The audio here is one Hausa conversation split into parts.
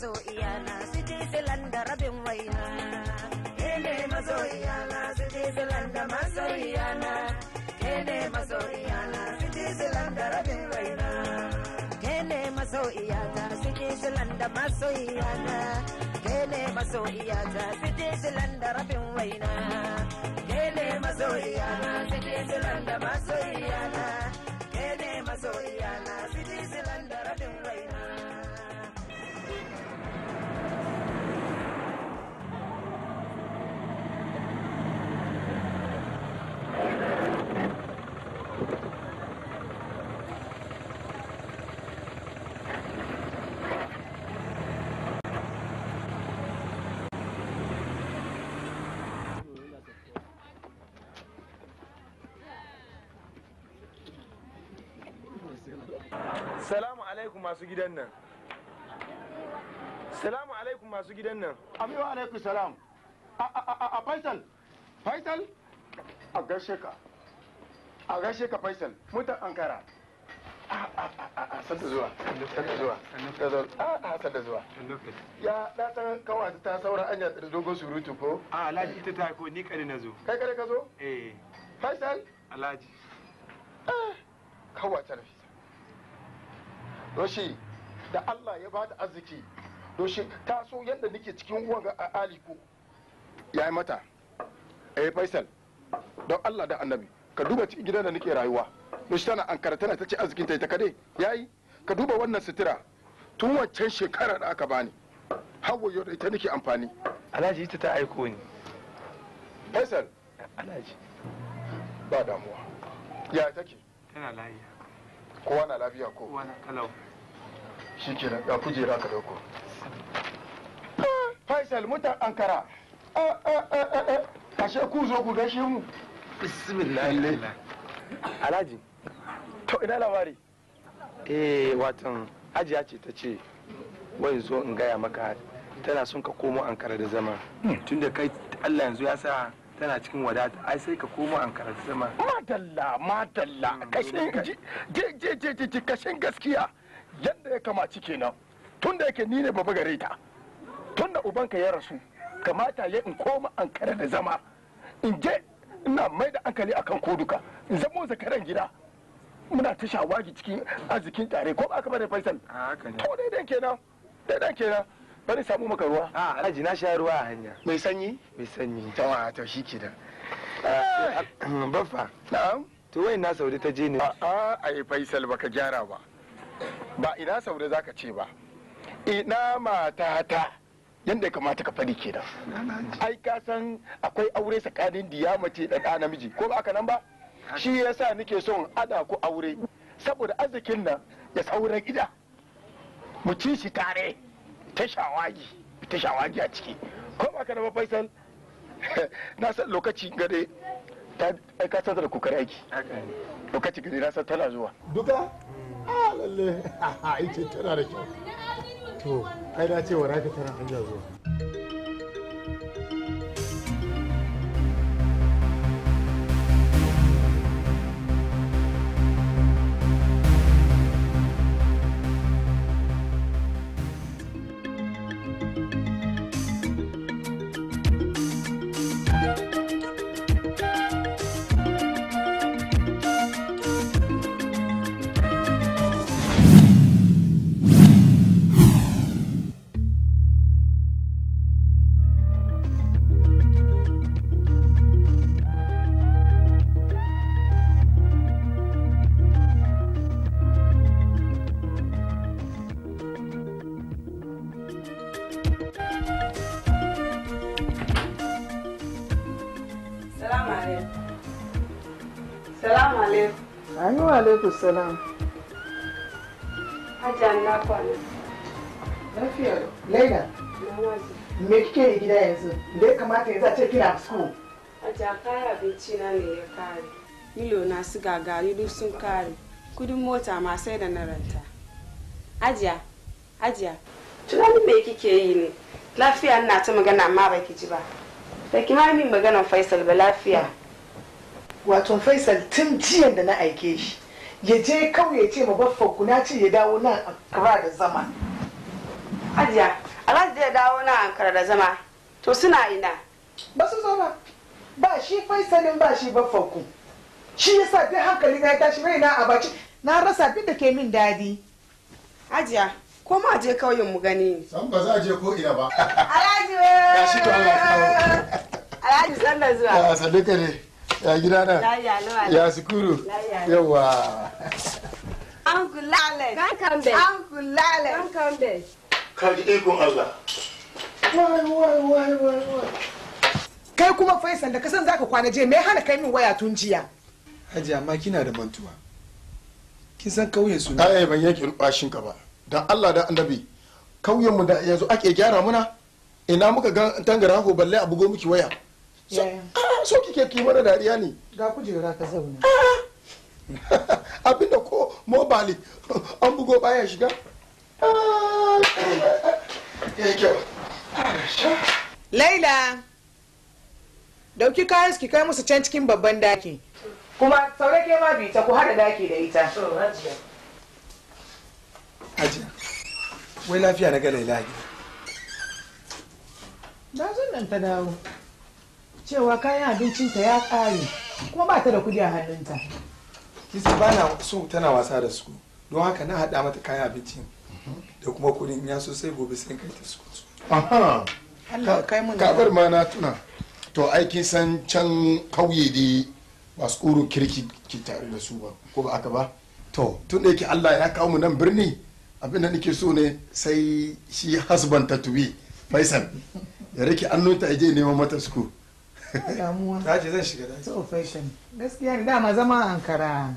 masoyana su je silan da rabin waina. Ke ne iyana su je silan da masoyana. Ke ne masoyana su je silan da rabin waina. Ke ne iyana su je silan da masoyana. Ke ne masoyana su je silan da rabin waina. Ke ne iyana su je silan da masoyana. gidan nan salamu alaikum masu gidan nan amiwa alaikum salam a faisal faisal a gaishe ka a gaishe ka faisal mutan ankara sanda zuwa sanda zuwa sanda zuwa ya ɗatan kawata ta saura anya da dogon surutu ko a alhaji ita ta ko ni kare na zo kai kare ka zo eh faisal alhaji eh, kawata nafi doshi da Allah ya da arziki doshi ta so yadda nake cikin wanga a aliko ya yi mata eh faisal don Allah da annabi ka duba cikin gidan da nake rayuwa doshi tana ankara tana ta ce arzikin ta ita kade yayi ka duba wannan sutura tun wancan shekara da aka bani hawa yau da ita nake amfani alhaji ita ta aiko ni faisal alhaji ba damuwa ya take tana lafiya kowa na lafiya ko shi ke da kujera ka dauko faisal mutan ankara eh, eh, eh, ashe ku zo ku gaishe mu bismillah alhaji to ina labari eh watan ajiya ce ta ce wai zo in gaya maka tana son ka komo ankara da zama hmm, tunda kai allah yanzu ya sa tana cikin wadata ai sai ka koma an karatu sama madalla madalla hmm, kashin ji kashin gaskiya yadda ya kamaci kenan tun da yake ni ne baba gare ta tun da ubanka ya rasu kamata ya in koma an da zama in je ina mai da hankali akan koduka in zamo zakaran gida muna ta shawagi cikin arzikin tare ko ba ka bare faisal to dai dan kenan dai dan kenan bari samu maka ruwa a ah, alhaji na sha ruwa a hanya mai sanyi mai sanyi ta wa ta shi da baffa na'am to wai na saudi ta je ne a a ai faisal baka gyara ba ba ina saudi zaka ce ba ina matata yadda ya kamata ka ke kenan ai ka san akwai aure tsakanin diya mace da ɗa namiji ko ba aka nan ba shi yasa nake son ada ku aure saboda arzikin nan ya sauran gida mu ci shi tare ta shawagi ta shawagi a ciki ko ba ka da ba faisal na san lokaci gare ta ka san da kokari aiki lokaci gade na san tana zuwa duka a ah, lalle a ce tana da kyau to kai na ce wa tana hanya zuwa alaikum salam. Hajjan na kwana. Lafiya. Laila. Me kike yi gida yanzu? Da ya kamata yanzu a ce kina school. Hajjan kayan abinci na ne ya kare. Milo na su gagari duk sun kare. Kudin mota ma sai da na ranta. ajiya ajiya. Tunanin me kike yi ne? Lafiya na ta magana amma baki ji ba. Baki ma min maganar Faisal ba lafiya. Wato Faisal tun jiyan da na aike shi. ya je kawai ya ce ma baffa kuna ce ya dawo nan Accra da zama Ajiya, Alhaji zai dawo nan Ankara da zama to suna ina ba su zama, ba shi faisalin ba shi baffa ku shi ya sa duk hankali na ya tashi mai na abaci na rasa duk da ke min dadi Ajiya, ko ma je kauyen mu gani san ba za a je ko ina ba Alhaji Alhaji sannan zuwa sannan ne. ya gida na ya sukuru yawa an kulale kan an kulale kan ka ji ikon Allah wai wai wai wai kai kuma faisal da kasan zaka kwana je me hana kai min waya tun jiya haji amma kina da mantuwa kin san kauyen su ne ai ban yake rubashin ka ba dan Allah da annabi kauyen mu da yanzu ake gyara muna ina muka ga tangara ko balle a bugo miki waya ah, so kike ki mana dariya ne ga kujera ka zauna ah, ah. abinda ko mobile an bugo baya shiga ah. laila dauki kayan ki kai musu can cikin babban daki kuma sauran ke ma bi ta ku hada daki da ita Hajiya. wai lafiya na ga laila gida na zan nan ta dawo cewa kayan abincinta ya ƙare kuma ba ta da kudi a hannunta kisa ba na so tana wasa da su don haka na haɗa mata kayan abincin da kuma kudin ya so sai gobe sai kai ta su kabar ma na tuna to aikin san can kauye da ba su kirki ke tare da su ba ko ba aka ba to tun da yake allah ya kawo mu nan birni abin da nake so ne sai shi hasban ta tubi faisal ya rike annunta ya je neman mata school damuwa ta ce shiga gaskiya ne dama zama ankara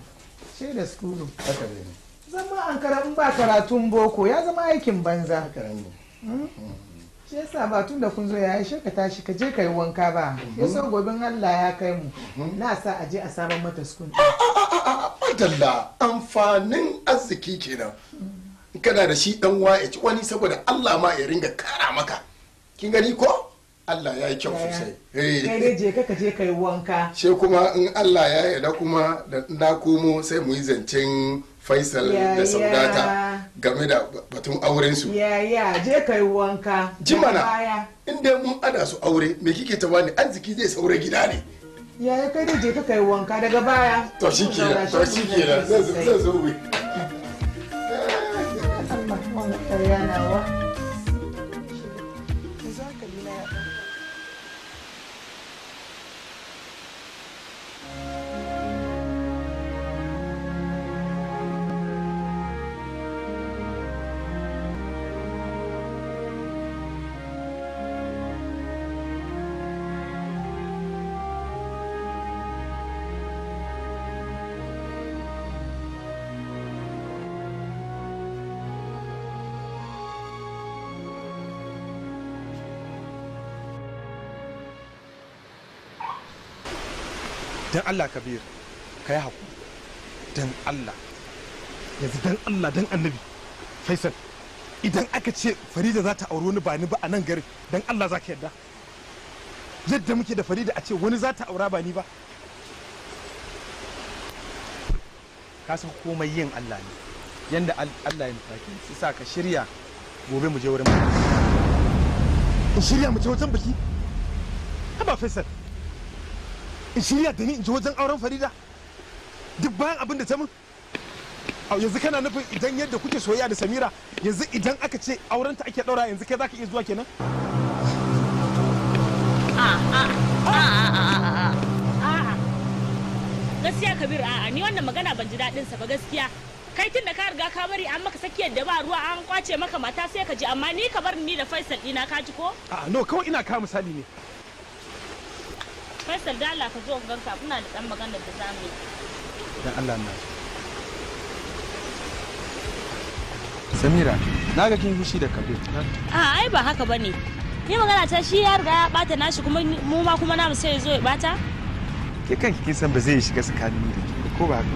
ce da skulu zama ankara in ba karatun boko ya zama aikin banza haka hmm? shi ba tun da kun zo ya yi ka tashi ka je ka yi wanka ba hmm. ya so gobin Allah ya kai mu hmm. na sa a je a saman mata skun ah, ah, ah, madalla amfanin arziki kenan kana da shi dan wa ya ci wani saboda Allah ma ya ringa kara maka kin gani ko Allah ya yi kyau sosai. Eh. Kai ne je ka je kai wanka. She kuma in Allah ya yarda kuma da na komo sai mu yi zancen Faisal da Saudata game da batun auren su. Ya ya je kai wanka. Jimana in dai mun ada su aure me kike ta bani arziki zai saura gida ne. Ya kai ne je ka kai wanka daga baya. To nan to shi ke nan zan zo. Eh. Allah Allah dan Allah kabir ka yi haku dan Allah yanzu dan Allah dan annabi faisal idan aka ce farida za ta auri wani ba ni ba a nan gari dan Allah za ka yarda yadda muke da farida a ce wani za ta aura ba ni ba ka san komai yin Allah ne yanda Allah ya nufa su sa ka shirya gobe mu je wurin in shirya mu je wajen biki haba faisal in shirya da ni in ji wajen auren farida duk bayan abin da ta mun yanzu kana nufin idan yadda kuke soyayya da samira yanzu idan aka ce auren ake daura yanzu kai zaka iya zuwa kenan gaskiya kabir a'a ni wannan magana ban ji dadin sa ba gaskiya kai tun da ka riga ka bari an maka sakiyar da ba ruwa an kwace maka mata sai ka ji amma ni ka bar ni da faisal dina ka ji ko a'a no kawai ina ka misali ne Faisal da Allah ka zo ka ganka muna da dan magana da zamu yi. Dan Allah na. Samira, na ga kin fushi da kabe. A ai ba haka bane. Ni magana ta shi ya riga ya bata nashi kuma mu ma kuma namu sai ya zo ya bata. Ke kanki kin san ba zai shiga tsakanin da ke ko ba haka?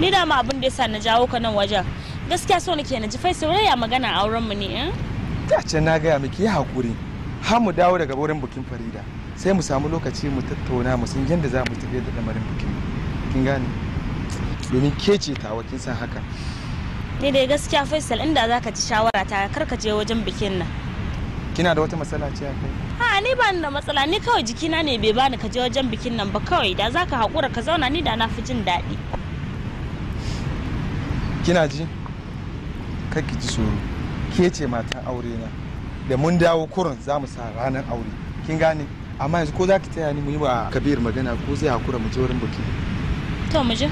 Ni da ma abin da yasa na jawo ka nan wajen. Gaskiya so nake na ji Faisal ya magana auren mu ne. Eh? Ta ce na gaya miki ya hakuri. har mu dawo daga wurin bukin farida sai mu samu lokaci mu tattauna mu san yadda za mu tafiyar da lamarin bukin kin gane domin ke ce tawa kin san haka ni dai gaskiya faisal inda za ka ci shawara ta kar ka je wajen bikin nan kina da wata matsala ce a kai ni ba da matsala ni kawai jikina ne bai bani ka je wajen bikin nan ba kawai da za ka haƙura ka zauna ni da na fi jin daɗi kina ji kar ki ji tsoro ke ce matan aure na da mun dawo kurin za mu sa ranar aure kin gane amma yanzu ko za ki taya ni mu yi wa kabir magana ko zai hakura mu je wurin buki to mu je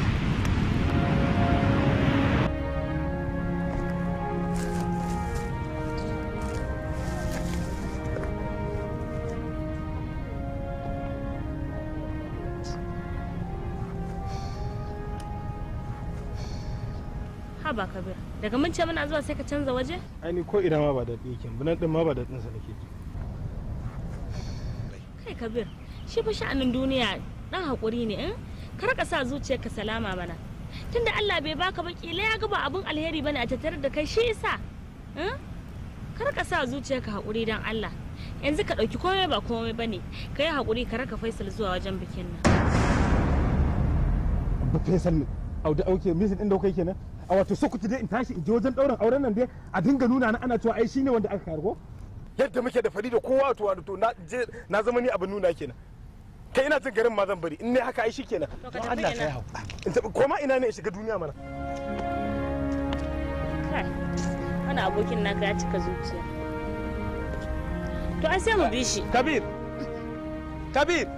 haba kabir daga mun ce muna zuwa sai ka canza waje aini ko ina ma ba da yake bunan din ma ba da din ke nake kai kabir shi fa sha'anin duniya dan hakuri ne in eh? kar ka sa ka salama mana tunda Allah bai baka ba kila ya ga ba abun alheri bane a tattare da kai shi yasa kar eh? ka sa ka hakuri dan Allah yanzu ka dauki komai ba komai bane kai hakuri ka raka Faisal zuwa wajen bikin nan Faisal ne auda auke misin inda da kai kenan a wato sokoto dai in tashi in je wajen ɗaurin auren nan dai a dinga nuna na ana cewa ai shine wanda aka kargo yadda muke da da kowa to wato na je na zama ni abin nuna kenan kai ina jin garin ma zan bari in ne haka ai shikenan to Allah sai hau ma ina ne in shiga duniya mana wani abokin naka ya cika zuciya to an sai mu bi shi kabir kabir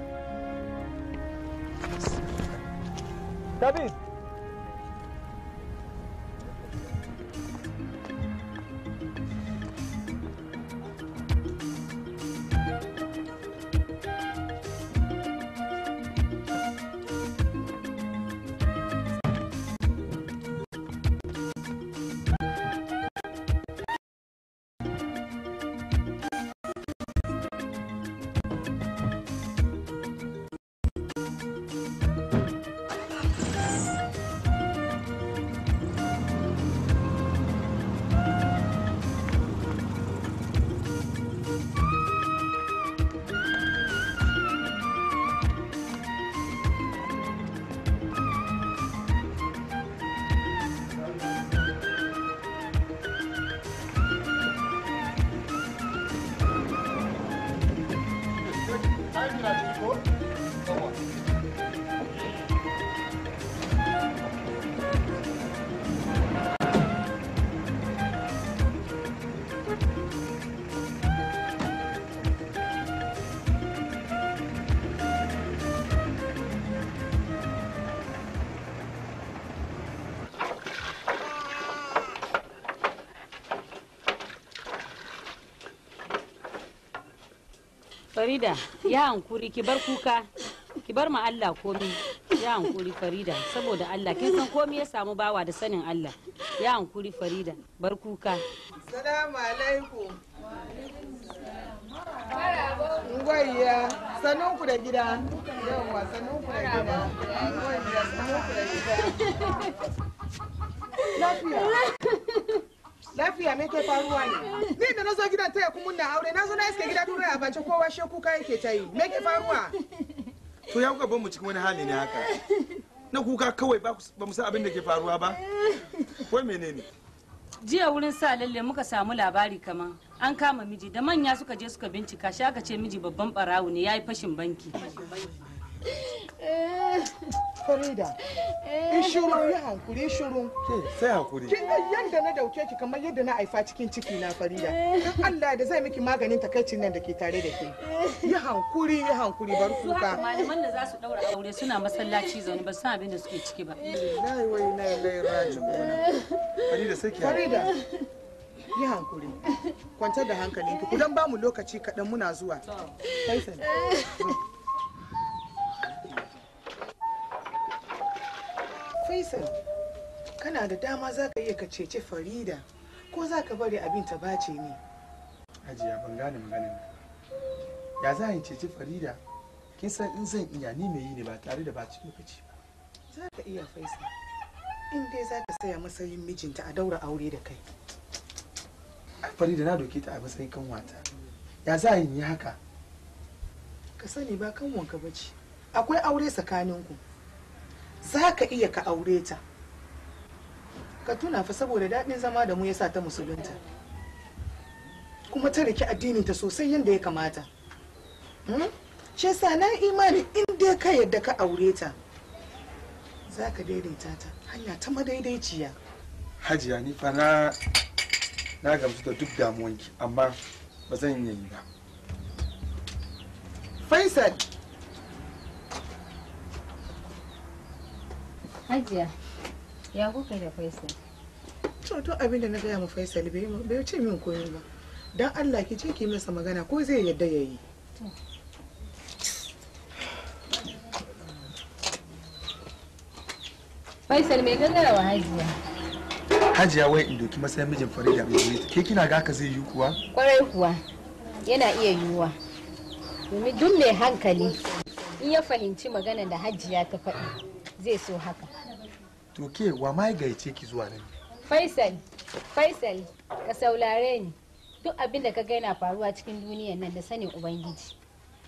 kabir farida ya hankuri ki bar kuka ki bar ma Allah komi ya hankuri farida saboda Allah kin san komi ya samu bawa da sanin Allah ya hankuri farida bar kuka salamu alaikum Ngwaiya, sanin ku da gida. Yawwa, sanin ku da gida. Ngwaiya, sanin ku da gida. Lafiya. lafiya me ke faruwa ne ni da nazo gidan taya kuma na aure nazo na iske gida turai a bace kowa she kuka yake ta yi me ke faruwa to ya kuka ban mu cikin wani hali ne haka na kuka kawai ba mu san abin da ke faruwa ba wai menene jiya wurin sa lalle muka samu labari kama an kama miji da manya suka je suka bincika shi aka ce miji babban barawu ne ya yi fashin banki eh. Farida. Eh. In shiru yi hankuri shiru. Sai hankuri. Kin ga yanda na dauke ki kamar yadda na haifa cikin ciki na Farida. Eh. Dan Allah da zai miki maganin takaicin nan da ke tare da ke. Eh. Ya hankuri ya hankuri bar kuka. Malaman da za su daura aure suna masallaci zaune ba san abin da suke ciki ba. Lai wai na lai rajiuna. Farida sai ki. Farida. Yi hankuri. Kwantar da hankalinki. Ku ba mu lokaci kadan muna zuwa. sai. faisal kana da dama za ka iya ka ceci farida ko za ka bari abin ta bace ne hajiya ban gane maganin ya za in ceci farida kin san in zan iya ni mai yi ne ba tare da baci lokaci ba za ka iya faisal in dai za ka saya matsayin mijinta a daura aure da kai farida na doke ta a matsayin kanwata ya za in yi haka ka sani ba kanwanka ba ce akwai aure tsakaninku za ka iya ka aure ta ka tuna fa saboda daɗin zama da mu yasa ta musulunta kuma ta riki addinin ta sosai yadda ya kamata hmm? shi yasa na imani in dai ka yadda ka aure ta za ka daidaita ta hanya ta madaidaiciya hajiya ni fa na na gamsu da duk damuwanki amma ba zan yi ba faisal Hajiya, ya kuka da Faisal? To, to abin da na gaya ma Faisal bai ce min koyi ba. Dan Allah ki je ki masa magana ko zai yadda ya yi. Faisal mai gangara wa Hajiya. Hajiya wai in doki matsayin mijin Farida mai ke kina ga haka zai yi kuwa? Kwarai kuwa. Yana iya yiwuwa. Domin duk mai hankali in ya fahimci maganar da Hajiya ta faɗi zai so haka. to ke wa ma gaice ki zuwa nan faisal faisal ka saulare ni duk abin da ka ga yana faruwa cikin duniyar nan da sanin ubangiji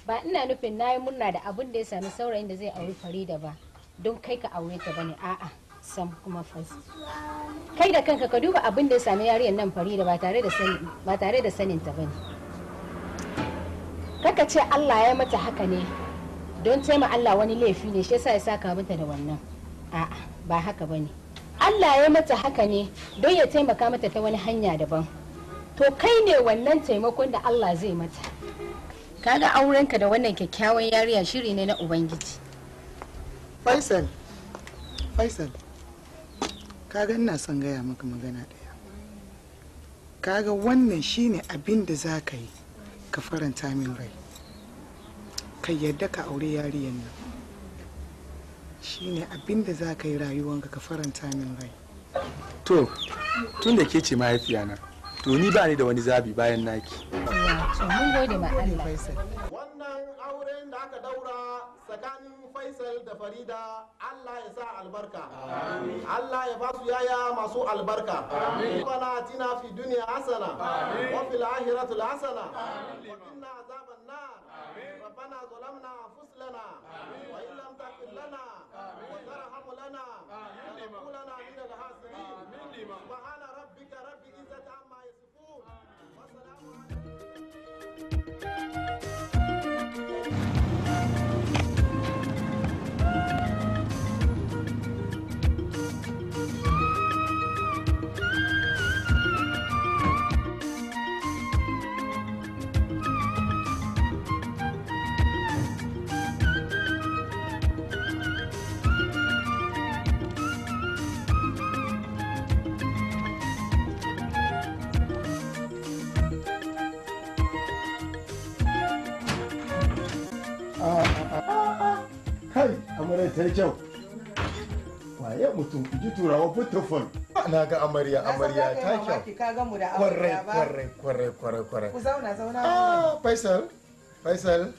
ba ina nufin na yi murna da abin da ya sami saurayin da zai auri farida ba don kai ka aure ta bane a'a sam kuma fas kai da kanka ka duba abin da ya sami yariyar nan farida ba da ba tare da sanin ta bane kaka ce Allah ya mata haka ne don taima Allah wani laifi ne shi yasa ya saka mata da wannan a'a ba haka ba ne allah ya mata haka ne don ya taimaka mata ta wani hanya daban to kai ne wannan taimakon da allah zai mata kaga aurenka da wannan kyakkyawan yariya shiri ne na ubangiji faisal faisal kaga ina son gaya maka magana ɗaya kaga wannan shine abin da za ka yi ka faranta min rai ka yarda ka aure yariyan nan shine abinda za ka yi rayuwanka ka faranta min rai to tun da ke ce mahaifiya na to ni ba ni da wani zabi bayan naki wannan auren da aka daura tsakanin Faisal da Farida Allah ya sa albarka Allah ya basu yaya masu albarka bana tina fi duniya hasana wa fil akhirati hasana ربنا ظلمنا أنفسنا وإن لم تغفر لنا وترحم لنا لنكونن من الخاسرين سبحان amarya ta yi kyau waye mutum ji turawa fitofon na ga amarya amarya ta kyau ka kwarai kwarai kwarai kwarai ku zauna zauna ah faisal faisal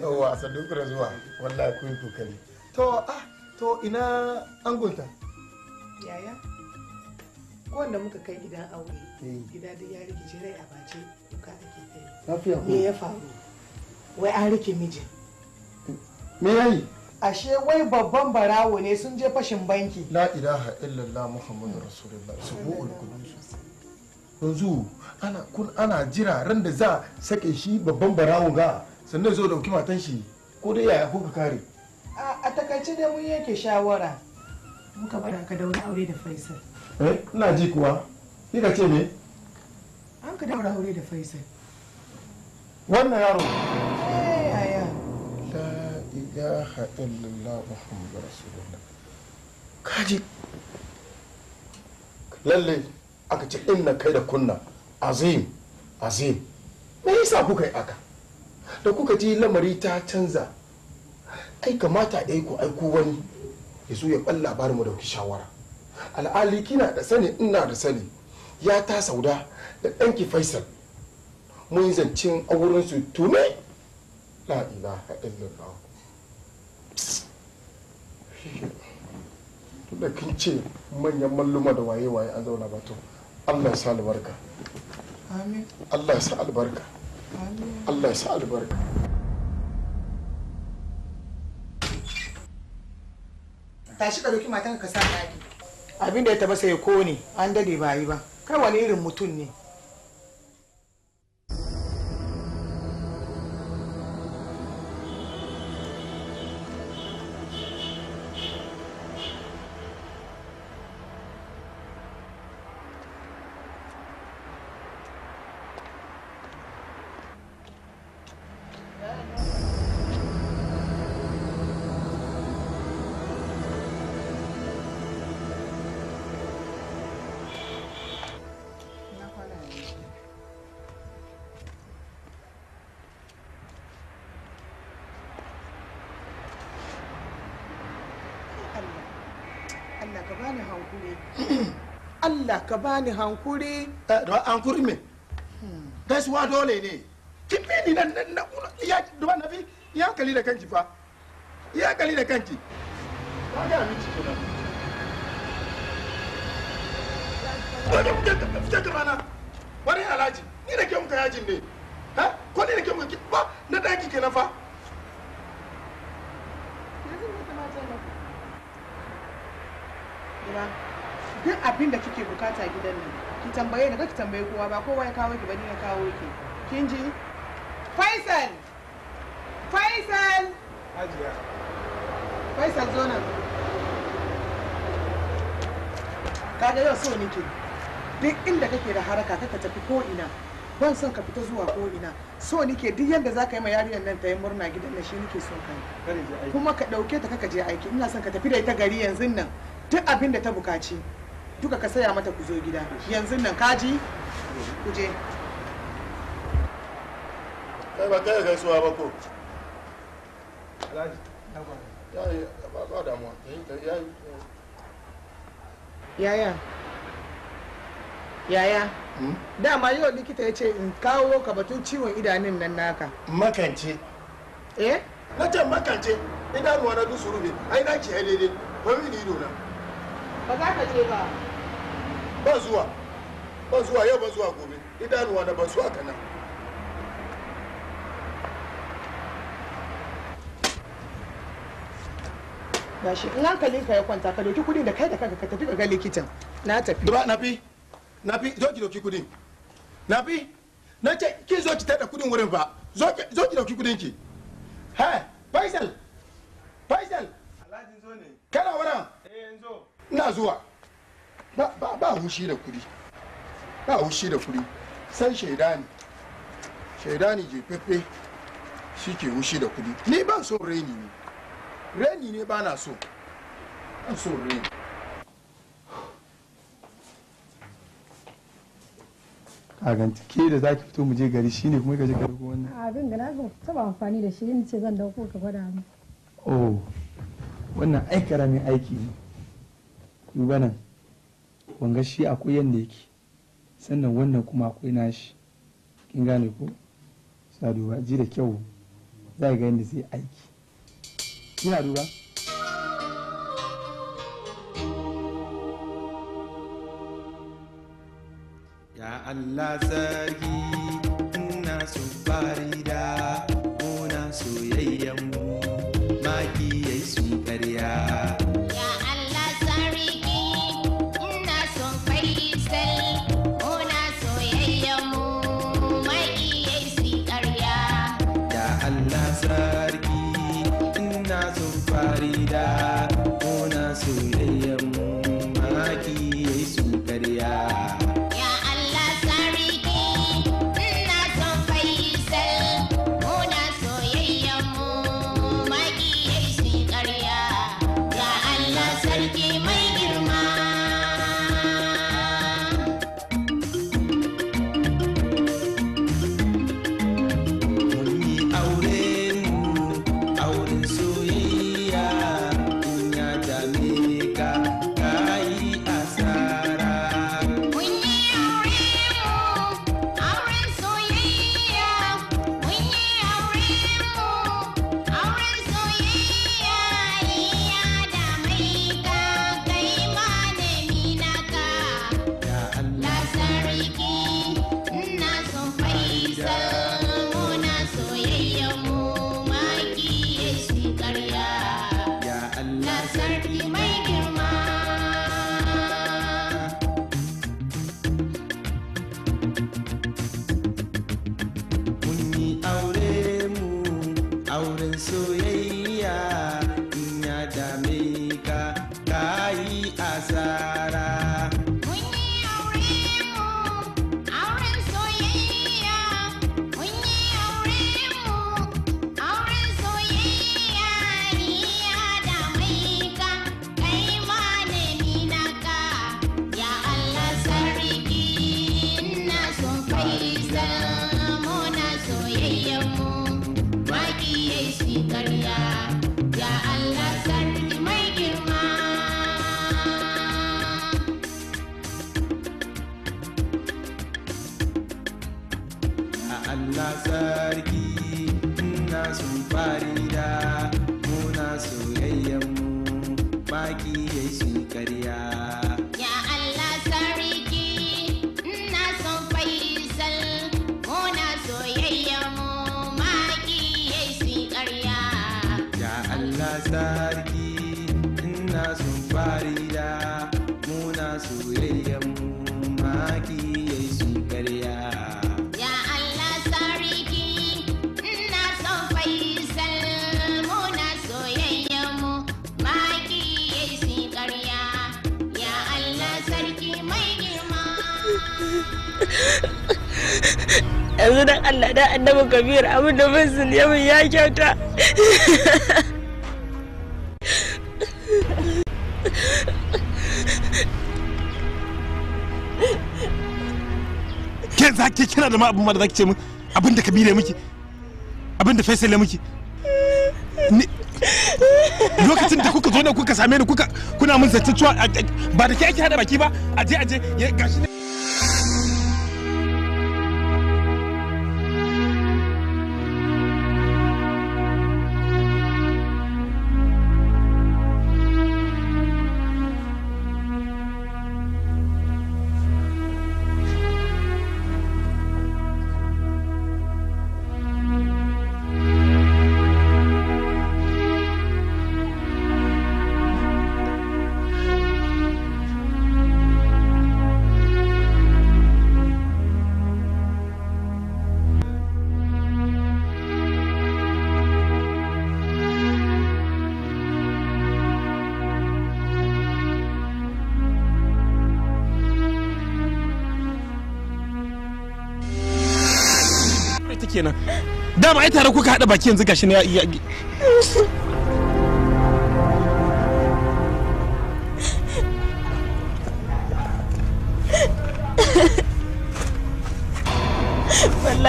yawa sadu ku zuwa wallahi ku yi kokari to ah to ina angonta yaya ko wanda muka kai gidan aure eh. gida da ya rikice rai a bace duka ake kai me ya faru wai an rike mijin me yayi ashe wai babban barawo ne sun je fashin banki la ilaha illallah muhammadu rasulullah subu'ul qudus yanzu ana kun ana jira ran da za sake shi babban barawo ga sannan zo dauki matan shi ko dai yaya ko ka kare a takaice da mun yake shawara muka bada ka daura aure da faisal eh ina ji kuwa ni ka ce me an ka daura aure da faisal wannan yaro eh, ilaha illallah muhammadu rasulullah kaji lalle aka ce inna kai da kunna azim azim me yasa kuka yi aka da kuka ji lamari ta canza ai kamata ku aiko wani ya zo ya ɓan labarin mu dauki shawara al'ali kina da sani ina da sani ya ta sauda da ɗanki faisal mun zancen aurensu tume la ilaha illallah da kin ce manyan malluma da waye-waye an zauna ba to allah ya sa albarka allah ya sa albarka allah ya sa albarka tashi ka doki matan ka sa abin da ya taba sai ko ne an dade ba yi ba kai wani irin mutum ne Allah ka bani hankuri eh, hankuri me gaisuwa dole ne ki bi ni nan ya duba na bi ya kali da kanki fa ya kali da kanki ka ga ci kenan fita gaba na wani alaji ni da ke muka yajin ne ha ko ni da ke muka ba na daki kenan fa abin da kike bukata gidan nan ki tambaye daga ki tambaye kowa ba kowa ya kawo ki ba ni ya kawo ki kin ji Faisal Faisal Hajiya Faisal zo nan kaga yau so nake duk inda kake da haraka kaka tafi ko ina ban son ka fita zuwa ko ina so nike duk yadda za ka yi ma yarinyar nan ta yi murna gidan nan shi nike son ka kuma ka ɗauke ta kaka je aiki ina son ka tafi da ita gari yanzu nan duk abin da ta bukaci duka ka saya mata ku zo gida yanzu nan kaji ku je kai ba kai suwa ba ko yaya yaya hmm? dama yau likita ya ce in kawo ka batun ciwon idanun nan naka makance eh na can makance idanuwa na dusu rufe ai na ki ko wani ido na ba za ka je ba ba zuwa ba zuwa yau ba zuwa gobe idanuwa na ba zuwa nan gashi in hankalin ka ya kwanta ka doki kudin da kai da kanka ka tafi ka ga likitan na tafi duba na fi na fi zo ki doki kudin na fi na ce ki zo ki tada kudin wurin fa zo ki doki kudin ki ha faisal faisal alhaji zo ne kana wurin eh yanzu ina zuwa ba hushi da kudi ba hushi da kudi sai shaidani shaidani jefefe shi ke hushi da kudi ni ban so reni ne reni ne ba na so ban so reni kaganci ke da zaki fito mu je gari shine kuma ka je gari ko wannan abin ga na ga taba amfani da shi ni ce zan dauko ka gwada mu oh wannan ai karamin aiki ne duba nan wanga shi akwai yadda yake sannan wannan kuma akwai nashi kin gane ko sa duba ji da kyau za ga yadda zai aiki kina duba ya Allah sarki ina su fari maki yayi sun karya yanzu dan Allah da annabi kabir abin da bin sun ya ya kyauta ke za ke kira da ma abin ma da za ki ce min abin da kabir ya miki abin da faisal ya miki lokacin da kuka zo da kuka same ni kuka kuna mun zancen cewa ba da ke ake hada baki ba aje aje gashi kenan dama ai tare kuka hada baki yanzu gashi ne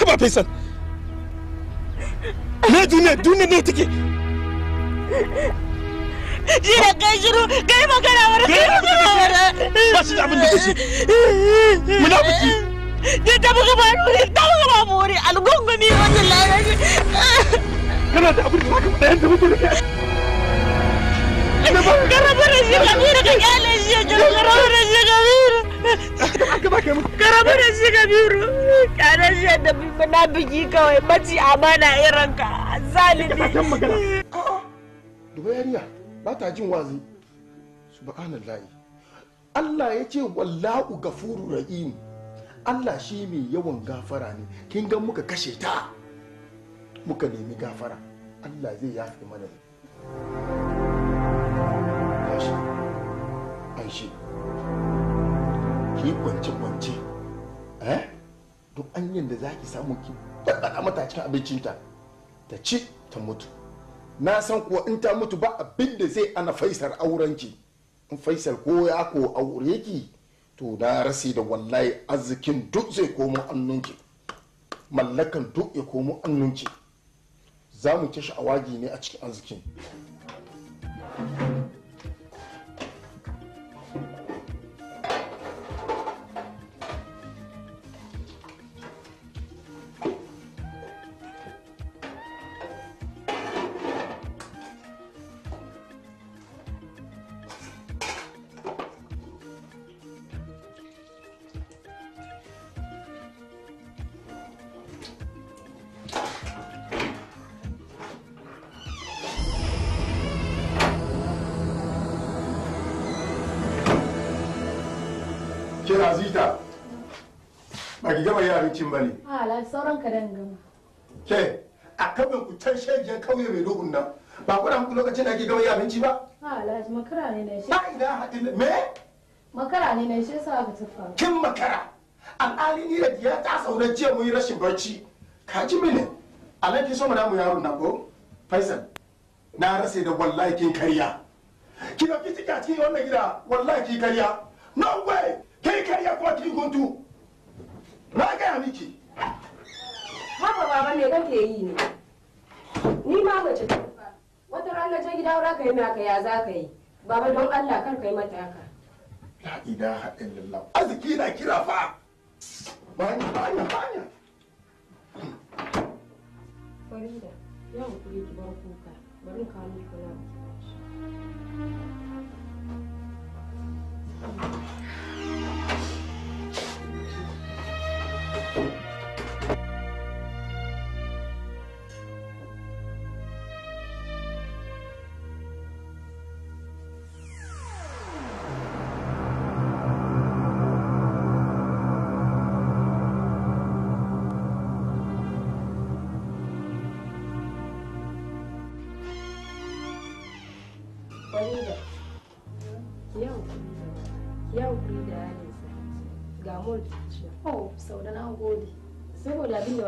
haba duniya duniya ne take shi kai shiru kai ma wani kai ba shi abin da kashi muri lalaci kana da abin da faɗa yanzu kai ka shi ka ka kyale shi shi Karamu da shi Kabiru, ƙarar shi da na biki kawai maci amana irin ka zalimi. Ka ah. Duba yarinya ba ta jin wazi. Subhanallahi. Allah ya ce wallahu gafuru rahim. Allah shi mai yawan gafara ne. Kin gan muka kashe ta. Muka nemi gafara. Allah zai yafe mana ne. shi. ki kwance-kwance eh duk anyan da za ki samu ki baɗaɗa mata cikin abincinta ta ci ta mutu na san kuwa in ta mutu ba abin da zai ana faisar aurenki in faisar ko ya ko aure ki to na rasi da wallahi arzikin duk zai komo annunki mallakan duk ya komo annunki za mu ci ne a cikin arzikin thank you sauran ka dan gama ke a kabin ku can shege kauye mai duhun nan ba kuna muku lokacin da ake gama yi abinci ba ha alhaji makara ne na shi ba ina haɗin me makara ne na shi yasa aka tafa kin makara al'ali ni da ya ta sauran jiya mun yi rashin barci ka ji mini alhaji so mu da yaron nan ko faisal na rasa da wallahi kin karya ki dauki tika cikin wannan gida wallahi ki karya no way kai karya ko kin guntu na gaya miki haka baba me kake yi ne ni ma mace ce wata rana je gida wura yi naka ya za ka yi baba don Allah kar kai mata haka la haɗin illallah aziki na kira fa bani bani bani Farida yau kuri ki bar kuka bari ka mu kula Thank you.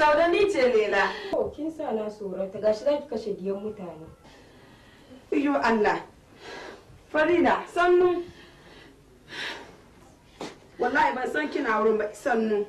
sau da ni ce lela kin sa na tsoron ta gashi za ki kashe biyan mutane iyo allah farida sannu wallahi ban san kina wurin ba sannu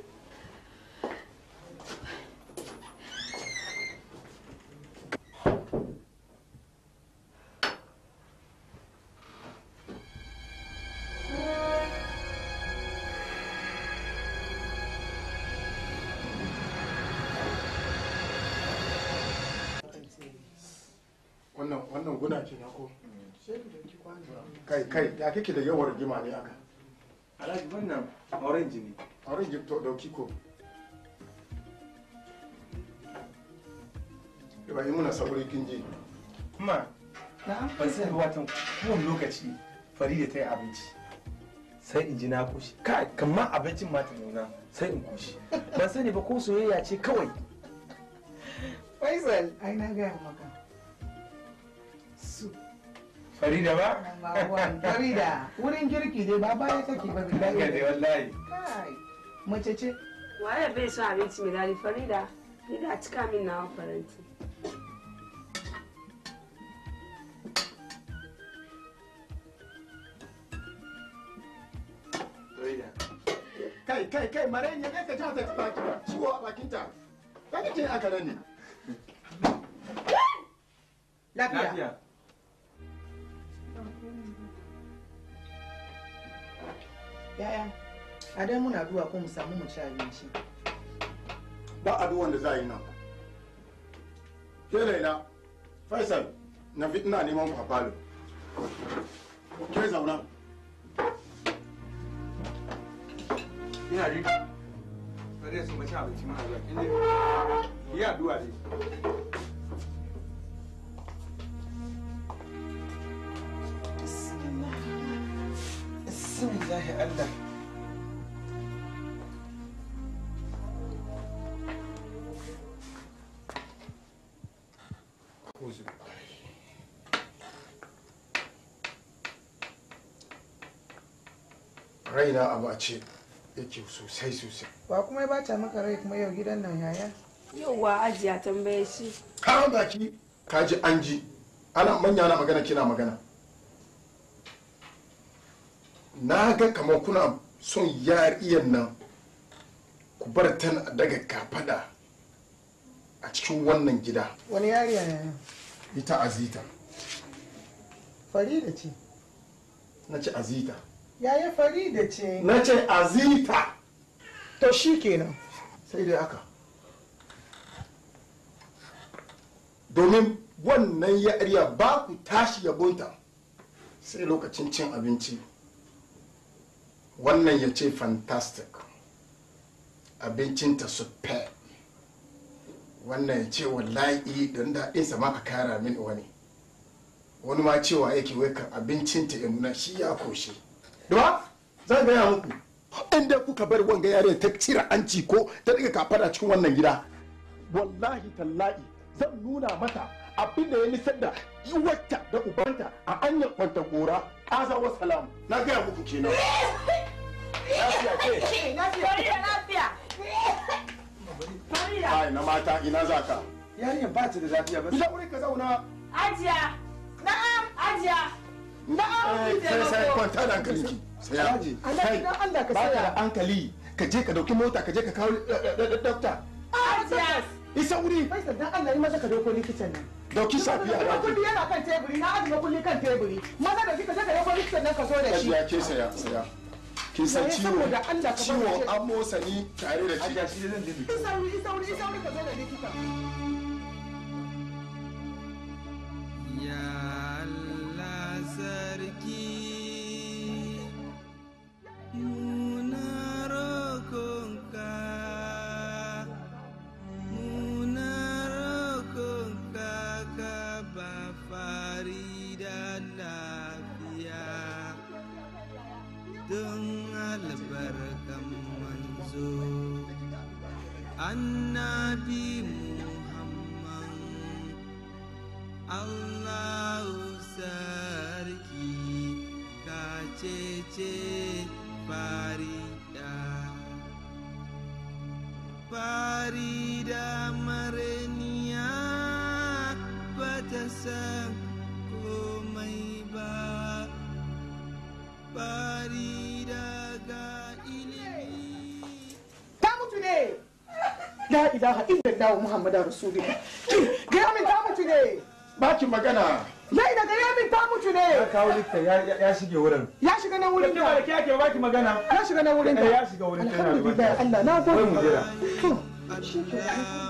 kai ya kake da yawan rigima ne aka alhaji wannan orange ne orange to dauki ko ba yi muna sauri kin je kuma na ban san watan kowane lokaci farida ta yi abinci sai in ji na kushi kai kamar abincin ma ta nuna sai in kushi ban sani ba ko soyayya ce kawai faisal ai na gaya maka farida ba farida wurin girki dai ba baya kake ba billahi ka dai wallahi kai mace ce waye bai so abinci mai dadi farida ni da cika min nawa faranti kai kai kai mare ne kai ka ji ta ba ciwo a bakinta ta aka lafiya yaya a dai muna ko mu samu mu ci abinci ba aduwan da za yi nan ke laila faisal na ina neman ku a falo ke zauna ina ji ba zai su mace abinci ma a zuwa kin je yi dai wallahi Allah raina abu a ce yake sosai sosai ba kuma ba ta maka rai kuma yau gidan nan yaya yauwa ajiya tambaye shi ka baki kaji an ji ana manya na magana kina magana na ga kamar kuna son yariyan nan ku bar ta daga kafada a cikin wannan gida wani yariya ne ita azita farida ce na ce azita yaya farida ce na ce azita to shi kenan sai dai haka domin wannan yariya ba ku tashi yabonta sai lokacin cin abinci wannan ya ce fantastic abincinta super wannan ya ce wallahi don daɗinsa ma a kara min wani wani ma cewa yake waka abincinta ya nuna shi ya koshe duwa za gaya ya muku inda kuka bar wanga yare ta cira an ko ta daga kafara cikin wannan gida wallahi tallahi zan nuna mata abin da ya nisar da uwarta da ubanta a hanyar kwanta gora kaza wa salam na gaya muku kenan lafiya ke lafiya lafiya Ai, na mata ina za ka? Yarinya ba ta da lafiya ba. Bisa wurin ka zauna. Ajiya. Na'am, ajiya. Na'am, ki eh, sai sai kwanta da hankali. Sai aji. Kai, Allah ka saya. Ba ka da hankali. Ka je ka dauki mota, ka je ka kawo eh, eh, dokta. Ajiya. yi sauri faisal dan Allah yi maza ka dauko likitan nan dauki safiya da kulli kan teburi na ajiye kulli kan teburi maza da kika je ka dauko likitan nan ka zo da shi ya ke saya saya kin san ciwo ciwo an motsa ni tare da shi yi sauri yi sauri yi ka zo da likitan wa Muhammadu Rasulullah. Gaya min ta mutu ne. ki magana. Yai daga ya min ta mutu ne. Ya kawo likta ya shige wurin. Ya shiga na wurin ta. Kuma da ke baki magana. Ya shiga na wurin ta. Eh, ya shiga wurin ta. Alhamdulillah Allah na gode. Wai mu jira.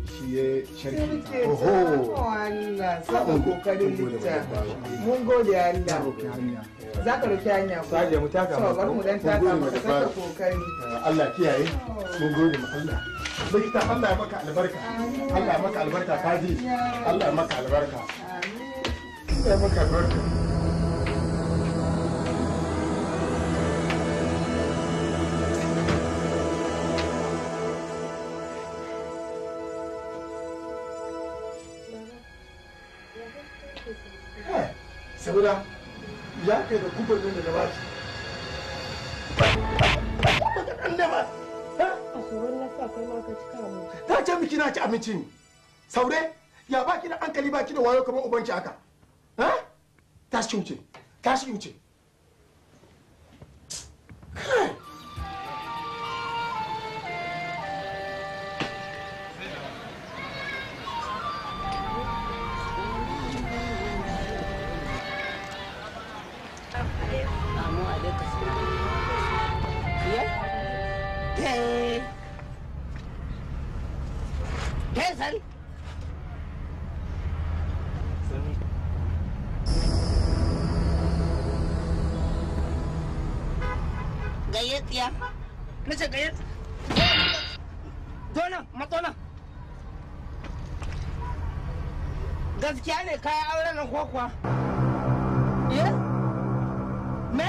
shi ya ta oho sabon kokarin mun gode Allah za ka roki hanya ko sai mu taka mu bar mu dan taka oh. mun gode mu Allah Allah ya maka albarka amin gona ya kai da kubar nan da gabata ta ce miki na ci abinci ne saure ya ba ki da hankali ba ki da wayo kamar ubanci haka tashi wuce tashi wuce na ce gayar matona gaskiya ne kayan auren nan kuwa ye me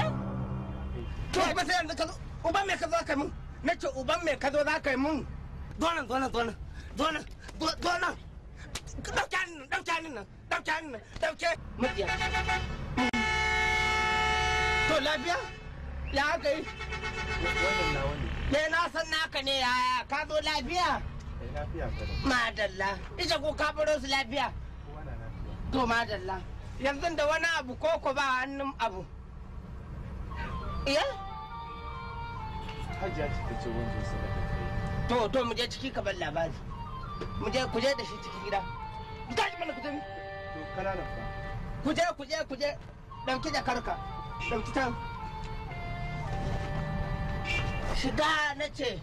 to ba sai yanzu ka zo uban me ka zo ka mun na uban me ka zo za ka yi mun donan donan donan donan donan ɗauke hannun ɗauke hannun ɗauke hannun ɗauke mafiya to lafiya ya haka yi wannan na wani Ke eh, na san naka ne ya ka zo lafiya? Eh, lafiya Madalla. Ita ko ka baro su lafiya? To madalla. Yanzu da wani abu ko ko ba hannun abu. Eh? Iya? To to mu je ciki ka bar labari. Mu je ku je da shi ciki gida. Ku tashi mana ku tafi. To kananan fa. Ku je ku je ku je. Ɗauki jakarka. Ɗauki tan. shiga na ce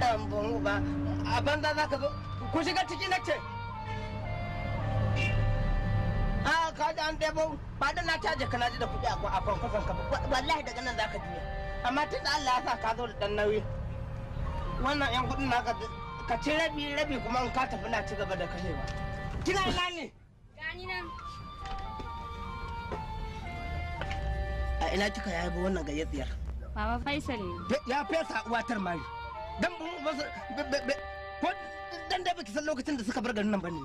ɗan bangu ba a banza za ka zo ku shiga ciki na ce a ka ji an ɗebo ba da na caje ka na ji da kuɗi a kwankwason ka wallahi daga nan za ka juya amma tun da Allah ya sa ka zo da ɗan nauyi wannan yan kuɗin naka ka ci rabi rabi kuma in ka tafi na ci gaba da kashewa kina ina ne gani nan ina kika ya ba wannan gayyatsiyar baba faisal ne ya fesa watar mari dan ko dan da baki san lokacin da suka bar garin nan bane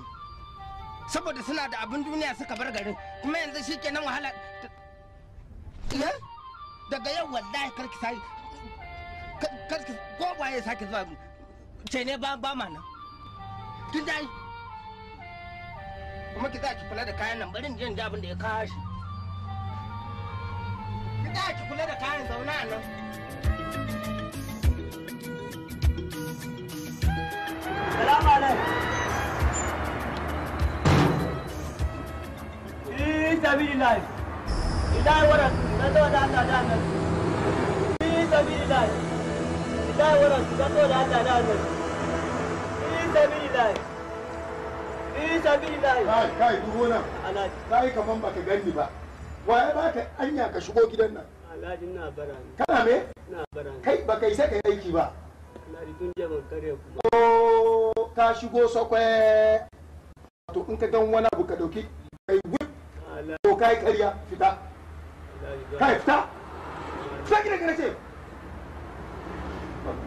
saboda suna da abin duniya suka bar garin kuma yanzu shikenan wahala daga yau wallahi karki sai karki ko waye sake zuwa ce ne ba ba mana. tun dai kuma ki za ki kula da kayan nan barin jin abin da ya kawo shi da ki kula da kayan zauna nan. Salamu alaikum. Fi sabilillahi. Idan wara na da da nan. Fi sabilillahi. Idan wara da da nan. Fi sabilillahi. Fi sabilillahi. Kai kai duho nan. Kai kaman baka gani ba. waye ba ka anya ka shigo gidan nan alhaji na bara ni kana me na bara ni kai ba kai sai kai aiki ba alhaji tun je ban kare ku ko ka shigo sokwe to in ka dan wani abu ka dauki kai wut to kai kariya fita kai fita sai gidan ka ce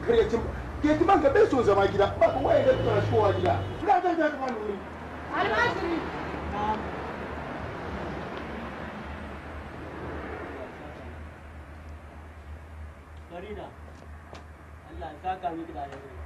kariya cin ke ti man ka bai so zama gida ba ko waye da ta shigo gida da ta ta ta almajiri farida Allah ya saka miki da alheri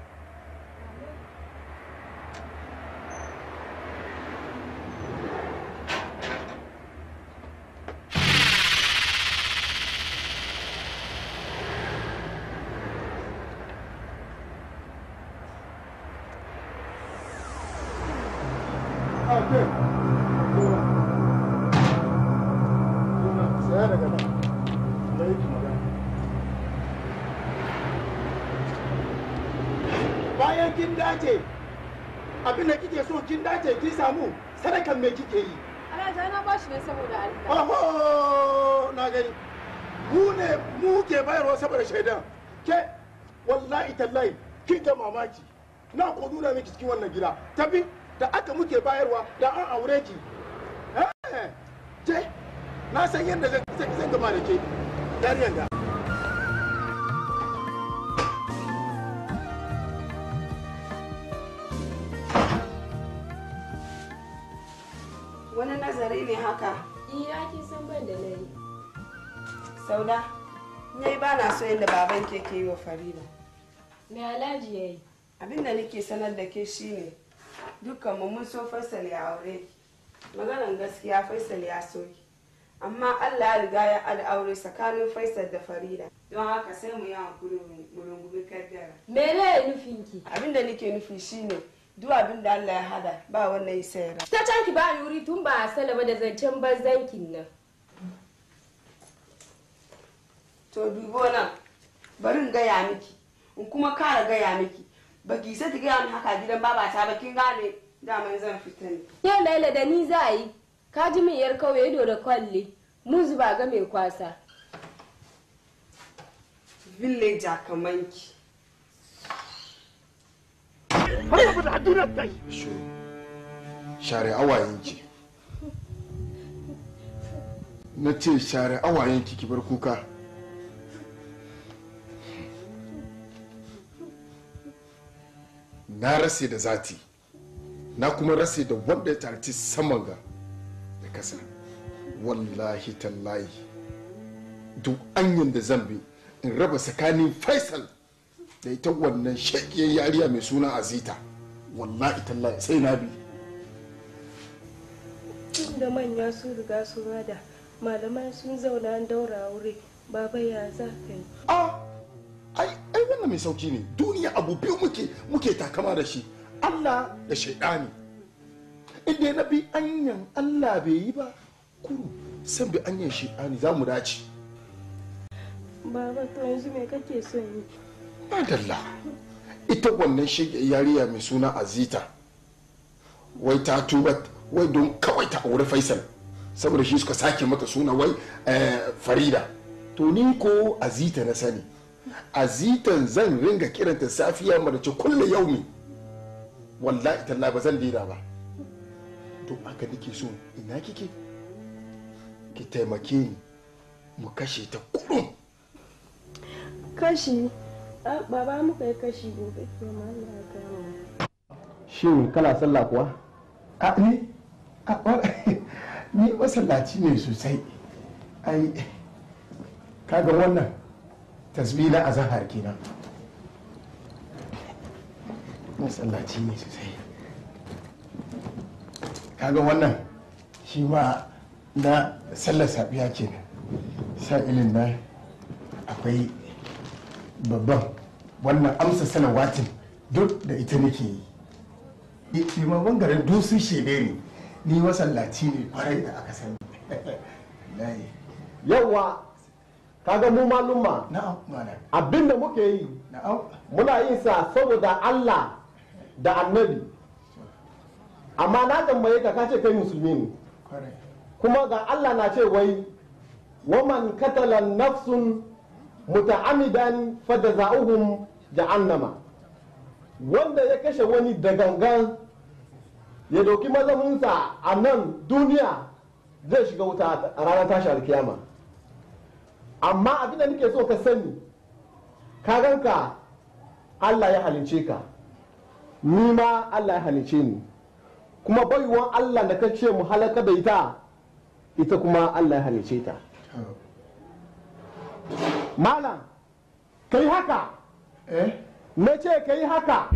dace abin da kike so kin dace kin samu sadakan me kike yi alhaji na bashi ne saboda Allah oho na gani mu ne mu ke bayarwa saboda shaidan ke wallahi tallahi kin ga mamaki na ko nuna miki cikin wannan gida tabi da aka muke bayarwa da an aure ki eh na san yadda zan zan gama da ke da ne haka iya ki san ban da nayi sauda nayi ba na so yadda baban ke ke yi wa farida me alhaji yayi da nake sanar da ke shine dukkan mu mun so faisal ya aure maganan gaskiya faisal ya ki. amma allah ya riga ya al'aure tsakanin faisal da farida don haka sai mu yi hankuri mu rungumi kaddara mene nufinki da nake nufi shine duk abin da Allah ya hada ba wannan isa ya ta canki ba yuri tun ba a ba da zancen bazankin nan to dubo nan barin gaya miki in kuma kara gaya miki ba ki ta gaya min haka gidan baba ta ba kin gane daman zan fita ne yau laila da ni za a yi ka ji min yar kauye ido da kwalle mun zuba ga mai kwasa villager kamanki har yanzu da duniya ta share na ce share awayenki ki bar kuka na rase da zati na kuma rase da wanda ya tarci saman ga da kasa wallahi tallahi duk anyan da zan bi in raba tsakanin faisal da ita wannan shaƙiyar yariya mai suna azita wallahi tallahi sai na bi da manya su riga sun hada malaman sun zauna an daura wuri baba ya za ka yi ai ai wannan mai sauki ne duniya abu biyu muke muke takama da shi allah da shaidani inda na bi anyan allah bai yi ba kuru san bi anyan shaidani za mu dace baba to yanzu me kake son yi madalla ita wannan yariya mai suna azita wai ta tuba wai don kawai ta aure faisal saboda shi suka sake mata suna wai eh, farida to ni ko azita na sani azitan zan ringa kiranta safiya ce kulle yaumi wallahi talla ba zan dina ba to aka nake so ina kike ki taimake ni mu kashe ta kurum kashi Ah, baba muka yi kashi gobe kuma Allah ya shin kana sallah kuwa a ni a ni masallaci ne sosai ai kaga wannan tasbih na azhar kenan masallaci ne sosai kaga wannan shi ma na sallar safiya kenan sa'ilin na akwai babban wannan amsa sanawatin duk da ita nake yi limaman garin dusun shebe ne ni masallaci ne kwarai da aka sani yawwa kaga mu malumma abinda muke yi muna yin sa saboda allah da annabi amma na tambaye ka kace kai musulmi ne kuma ga allah na ce wai waman katalan nafsun muta'amidan fadaza'uhum jahannama wanda ya kashe wani da gangan ya doki mazaminsa a nan duniya zai shiga wuta a ranar tashi alkiyama amma abin da nake so ka sani ka ganka Allah ya halince ka ni ma Allah ya halince ni kuma baiwan Allah da ka ce mu halaka da ita ita kuma Allah ya halince ta malam kai haka eh na ce kai haka